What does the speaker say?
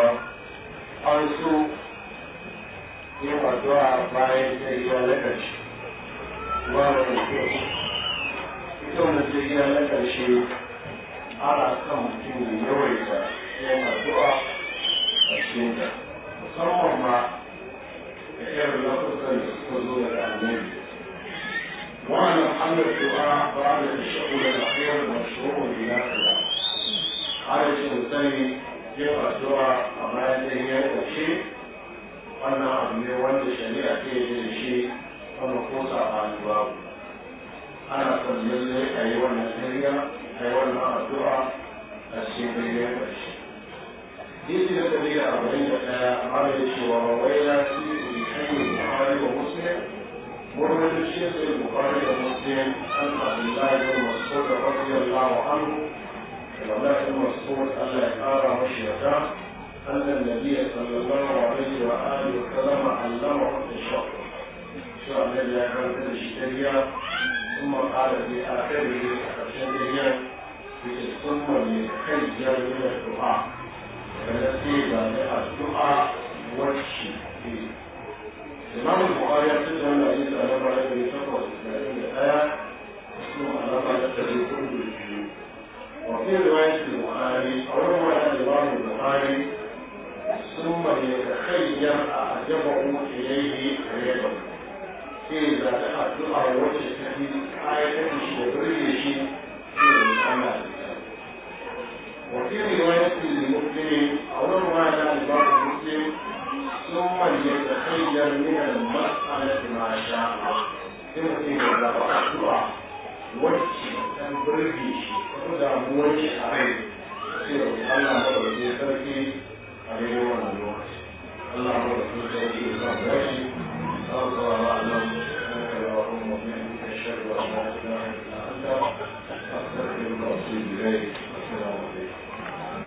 cewa an so yin addu'a bayan tahiya na ƙarshe ba da ƙarshe ita wanda tahiya na ƙarshe ana kan mutum ya yawaita yin addu'a a cikin ta musamman ma da irin lafazan da suka zo daga annabi وعلى أن الدعاء بعد الشغل الأخير مشروع بلا خلاف على الإنسان jefa zuwa a bayan ya ƙarshe wannan abu ne wanda shari'a ke da shi kuma ko sabani babu ana son lalle a yi wannan shari'a a yi wannan addu'a a cikin bayan ƙarshe Isi da dari da arba'in da ɗaya ana da cewa wai ya fi bishiyu Bukhari wa Muslim Murnar Shekul Bukhari da Muslim an Abdullahi bin Masud da Rabbi Allah wa Anhu ولا الصور ألا يقارى مشيته أن النبي صلى الله عليه وآله وسلم علمه الشر شو أن الله كانت الشترية ثم قال في آخره الشترية باسم للخير من الدعاء فالتي لا الدعاء والشفي الإمام البخاري في رواية البخاري أو رواية الإمام البخاري ثم يتخير أعجبه إليه غيره إذا تحدث عن وجه التحديد آية الشبرية في الأعمال وفي رواية المسلم أو رواية الإمام المسلم ثم يتخير من المسألة ما شاء ثم إذا تحدث وجه التحديد uwan shi a rai sai Allah ya ke sarki a daidai wannan lokaci Allah ya ɗauke sarki ya sa shi Allah